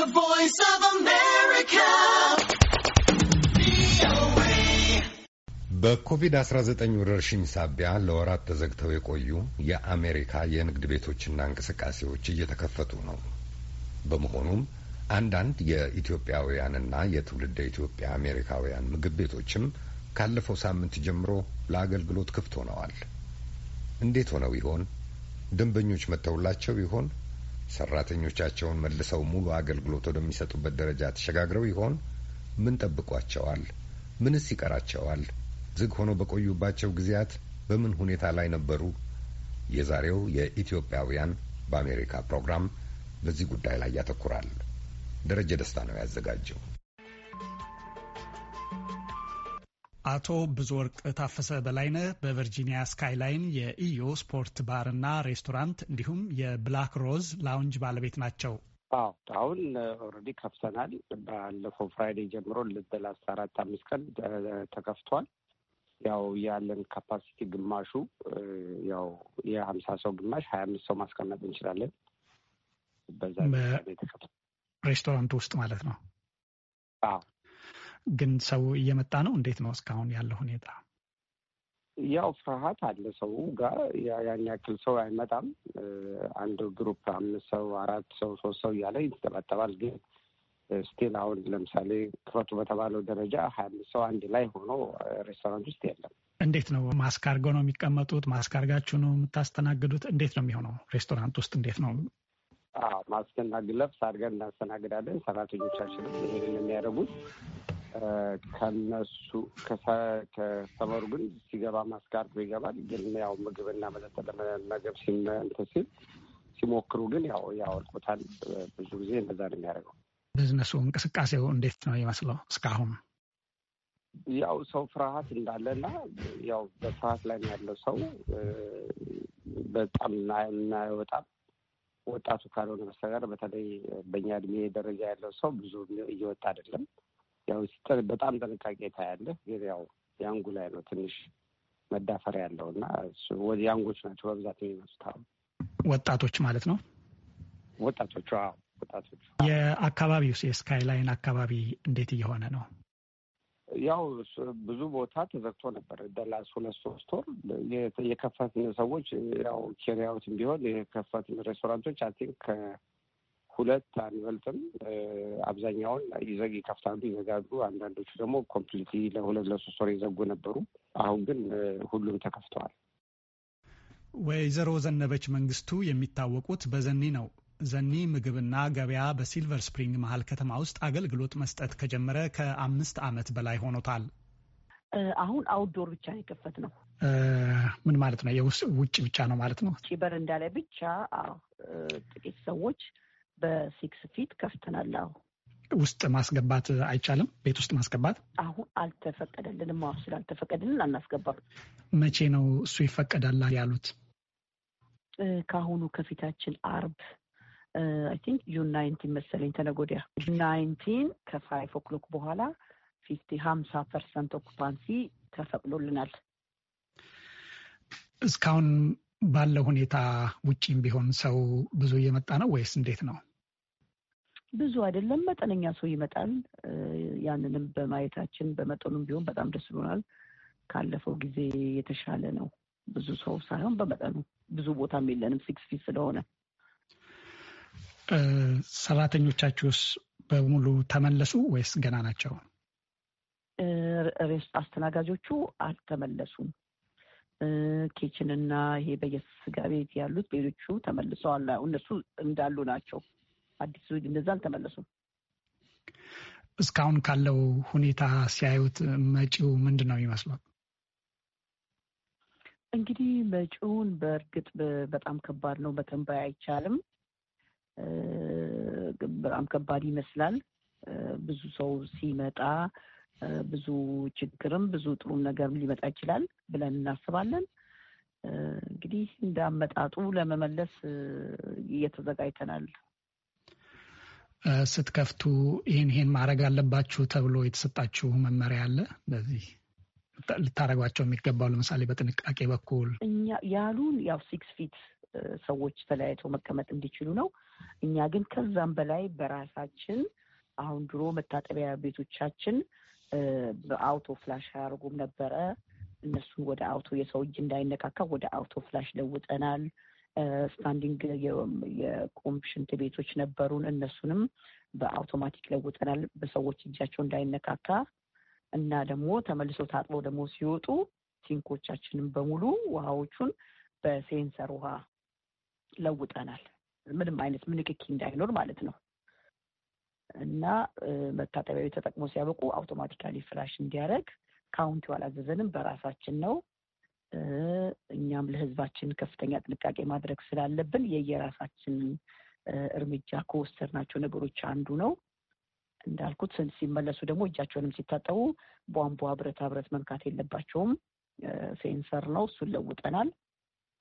The Voice of America. በኮቪድ-19 ወረርሽኝ ሳቢያ ለወራት ተዘግተው የቆዩ የአሜሪካ የንግድ ቤቶችና እንቅስቃሴዎች እየተከፈቱ ነው። በመሆኑም አንዳንድ የኢትዮጵያውያንና የትውልደ ኢትዮጵያ አሜሪካውያን ምግብ ቤቶችም ካለፈው ሳምንት ጀምሮ ለአገልግሎት ክፍት ሆነዋል። እንዴት ሆነው ይሆን? ደንበኞች መጥተውላቸው ይሆን? ሰራተኞቻቸውን መልሰው ሙሉ አገልግሎት ወደሚሰጡበት ደረጃ ተሸጋግረው ይሆን? ምን ጠብቋቸዋል? ምንስ ይቀራቸዋል? ዝግ ሆኖ በቆዩባቸው ጊዜያት በምን ሁኔታ ላይ ነበሩ? የዛሬው የኢትዮጵያውያን በአሜሪካ ፕሮግራም በዚህ ጉዳይ ላይ ያተኩራል። ደረጀ ደስታ ነው ያዘጋጀው። አቶ ብዙ ወርቅ ታፈሰ በላይነህ በቨርጂኒያ ስካይላይን የኢዮ ስፖርት ባርና ሬስቶራንት እንዲሁም የብላክ ሮዝ ላውንጅ ባለቤት ናቸው። አዎ አሁን ኦልሬዲ ከፍተናል። ባለፈው ፍራይዴ ጀምሮ አስራ አራት አምስት ቀን ተከፍቷል። ያው ያለን ካፓሲቲ ግማሹ ያው የሀምሳ ሰው ግማሽ ሀያ አምስት ሰው ማስቀመጥ እንችላለን። በዛ ቤተከፍ ሬስቶራንቱ ውስጥ ማለት ነው። አዎ ግን ሰው እየመጣ ነው። እንዴት ነው እስካሁን ያለው ሁኔታ? ያው ፍርሃት አለ ሰው ጋር። ያን ያክል ሰው አይመጣም። አንድ ግሩፕ አምስት ሰው፣ አራት ሰው፣ ሶስት ሰው እያለ ይንጠባጠባል። ግን ስቲል አሁን ለምሳሌ ክፈቱ በተባለው ደረጃ ሀያ አምስት ሰው አንድ ላይ ሆኖ ሬስቶራንት ውስጥ የለም። እንዴት ነው ማስክ አድርገው ነው የሚቀመጡት? ማስክ አድርጋችሁ ነው የምታስተናግዱት? እንዴት ነው የሚሆነው? ሬስቶራንት ውስጥ እንዴት ነው ማስክና ግለብስ አድርገን እናስተናግዳለን። ሰራተኞቻችንም ይህንን የሚያደርጉት ከነሱ ከሰፈሩ ግን ሲገባ ማስጋርዶ ይገባል። ግን ያው ምግብና መጠጥ ለመመገብ እንትን ሲል ሲሞክሩ ግን ያው ያወልቁታል። ብዙ ጊዜ እንደዛ ነው የሚያደርገው። ቢዝነሱ እንቅስቃሴው እንዴት ነው ይመስለው እስካሁን? ያው ሰው ፍርሃት እንዳለና ያው በፍርሃት ላይ ያለው ሰው በጣም እናየው ወጣቱ ካልሆነ መስተጋር በተለይ በእኛ እድሜ ደረጃ ያለው ሰው ብዙ እየወጣ አይደለም። ያው በጣም ጥንቃቄ ታያለህ። ግን ያው የአንጉ ላይ ነው ትንሽ መዳፈር ያለው እና ወዚህ አንጎች ናቸው በብዛት የሚመጡት ወጣቶች ማለት ነው። ወጣቶቹ ወጣቶቹ የአካባቢው የስካይላይን አካባቢ እንዴት እየሆነ ነው? ያው ብዙ ቦታ ተዘግቶ ነበር። ደላስ ሁለት ሶስት ወር የከፈትን ሰዎች ያው ኬሪያዎትን ቢሆን የከፈትን ሬስቶራንቶች አይ ቲንክ ሁለት አንበልጥም። አብዛኛውን ይዘግ ይከፍታሉ፣ ይዘጋሉ። አንዳንዶቹ ደግሞ ኮምፕሊት ለሁለት ለሶስት ወር የዘጉ ነበሩ። አሁን ግን ሁሉም ተከፍተዋል። ወይዘሮ ዘነበች መንግስቱ የሚታወቁት በዘኒ ነው። ዘኒ ምግብና ገበያ በሲልቨር ስፕሪንግ መሀል ከተማ ውስጥ አገልግሎት መስጠት ከጀመረ ከአምስት ዓመት በላይ ሆኖታል። አሁን አውትዶር ብቻ ነው የከፈት ነው። ምን ማለት ነው? የውጭ ብቻ ነው ማለት ነው። በረንዳ ላይ ብቻ ጥቂት ሰዎች በሲክስ ፊት ከፍተናል። ውስጥ ማስገባት አይቻልም። ቤት ውስጥ ማስገባት አሁን አልተፈቀደልንም። አሁ ስላልተፈቀደልን አናስገባም። መቼ ነው እሱ ይፈቀዳል ያሉት? ከአሁኑ ከፊታችን አርብ አይ ቲንክ ጁን ናይንቲን መሰለኝ ተነጎዲያ ጁን ናይንቲን ከፋይቭ ኦክሎክ በኋላ ፊፍቲ ሀምሳ ፐርሰንት ኦኩፓንሲ ተፈቅዶልናል። እስካሁን ባለው ሁኔታ ውጪም ቢሆን ሰው ብዙ እየመጣ ነው ወይስ እንዴት ነው? ብዙ አይደለም፣ መጠነኛ ሰው ይመጣል። ያንንም በማየታችን በመጠኑም ቢሆን በጣም ደስ ብሎናል። ካለፈው ጊዜ የተሻለ ነው። ብዙ ሰው ሳይሆን በመጠኑ ብዙ ቦታም የለንም ሲክስ ፊት ስለሆነ። ሰራተኞቻችሁስ በሙሉ ተመለሱ ወይስ ገና ናቸው? ሬስት አስተናጋጆቹ አልተመለሱም። ኬችንና ይሄ በየስጋ ቤት ያሉት ሌሎቹ ተመልሰዋል። እነሱ እንዳሉ ናቸው። አዲሱ እንደዛ አልተመለሱም። እስካሁን ካለው ሁኔታ ሲያዩት መጪው ምንድን ነው ይመስሏል? እንግዲህ መጪውን በእርግጥ በጣም ከባድ ነው፣ በተንባይ አይቻልም። በጣም ከባድ ይመስላል። ብዙ ሰው ሲመጣ ብዙ ችግርም ብዙ ጥሩም ነገር ሊመጣ ይችላል ብለን እናስባለን። እንግዲህ እንደ አመጣጡ ለመመለስ እየተዘጋጅተናል። ስትከፍቱ ይህን ይህን ማድረግ አለባችሁ ተብሎ የተሰጣችሁ መመሪያ አለ? በዚህ ልታደረጓቸው የሚገባው ለምሳሌ በጥንቃቄ በኩል እኛ ያሉን ያው ሲክስ ፊት ሰዎች ተለያይተው መቀመጥ እንዲችሉ ነው። እኛ ግን ከዛም በላይ በራሳችን አሁን ድሮ መታጠቢያ ቤቶቻችን በአውቶ ፍላሽ አያደርጉም ነበረ። እነሱ ወደ አውቶ የሰው እጅ እንዳይነካካ ወደ አውቶ ፍላሽ ለውጠናል። ስታንዲንግ የቁም ሽንት ቤቶች ነበሩን። እነሱንም በአውቶማቲክ ለውጠናል፣ በሰዎች እጃቸው እንዳይነካካ እና ደግሞ ተመልሶ ታጥበው ደግሞ ሲወጡ ሲንኮቻችንም በሙሉ ውሃዎቹን በሴንሰር ውሃ ለውጠናል። ምንም አይነት ምንክኪ እንዳይኖር ማለት ነው። እና መታጠቢያ ቤት ተጠቅሞ ሲያበቁ አውቶማቲካሊ ፍላሽ እንዲያደርግ ካውንቲው አላዘዘንም። በራሳችን ነው። እኛም ለህዝባችን ከፍተኛ ጥንቃቄ ማድረግ ስላለብን የየራሳችን እርምጃ ከወሰድናቸው ነገሮች አንዱ ነው። እንዳልኩት ሲመለሱ ደግሞ እጃቸውንም ሲታጠቡ ቧንቧ ብረታ ብረት መንካት የለባቸውም። ሴንሰር ነው፣ እሱን ለውጠናል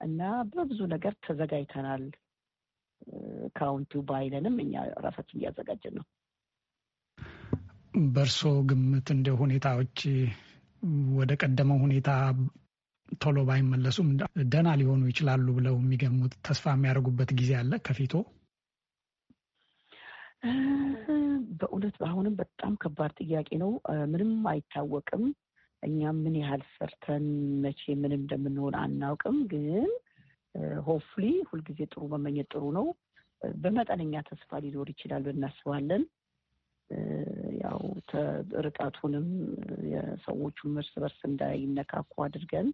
እና በብዙ ነገር ተዘጋጅተናል። ካውንቲው ባይለንም እኛ ራሳችን እያዘጋጀን ነው። በእርሶ ግምት እንደ ሁኔታዎች ወደ ቀደመው ሁኔታ ቶሎ ባይመለሱም ደህና ሊሆኑ ይችላሉ ብለው የሚገሙት ተስፋ የሚያደርጉበት ጊዜ አለ ከፊቶ? በእውነት አሁንም በጣም ከባድ ጥያቄ ነው። ምንም አይታወቅም። እኛም ምን ያህል ሰርተን መቼ ምን እንደምንሆን አናውቅም። ግን ሆፍሊ ሁልጊዜ ጥሩ መመኘት ጥሩ ነው። በመጠነኛ ተስፋ ሊኖር ይችላል እናስባለን። ያው ርቀቱንም የሰዎቹም እርስ በርስ እንዳይነካኩ አድርገን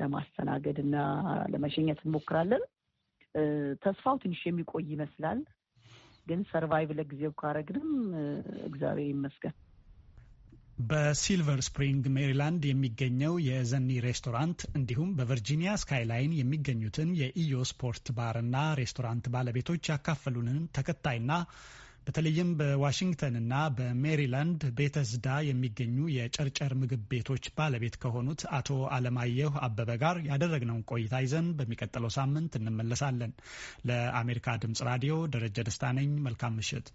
ለማስተናገድ እና ለመሸኘት እንሞክራለን። ተስፋው ትንሽ የሚቆይ ይመስላል፣ ግን ሰርቫይቭ ለጊዜው ካረግንም እግዚአብሔር ይመስገን። በሲልቨር ስፕሪንግ ሜሪላንድ የሚገኘው የዘኒ ሬስቶራንት እንዲሁም በቨርጂኒያ ስካይላይን የሚገኙትን የኢዮ ስፖርት ባርና ሬስቶራንት ባለቤቶች ያካፈሉንን ተከታይና በተለይም በዋሽንግተን እና በሜሪላንድ ቤተስዳ የሚገኙ የጨርጨር ምግብ ቤቶች ባለቤት ከሆኑት አቶ አለማየሁ አበበ ጋር ያደረግነውን ቆይታ ይዘን በሚቀጥለው ሳምንት እንመለሳለን። ለአሜሪካ ድምጽ ራዲዮ ደረጀ ደስታ ነኝ። መልካም ምሽት።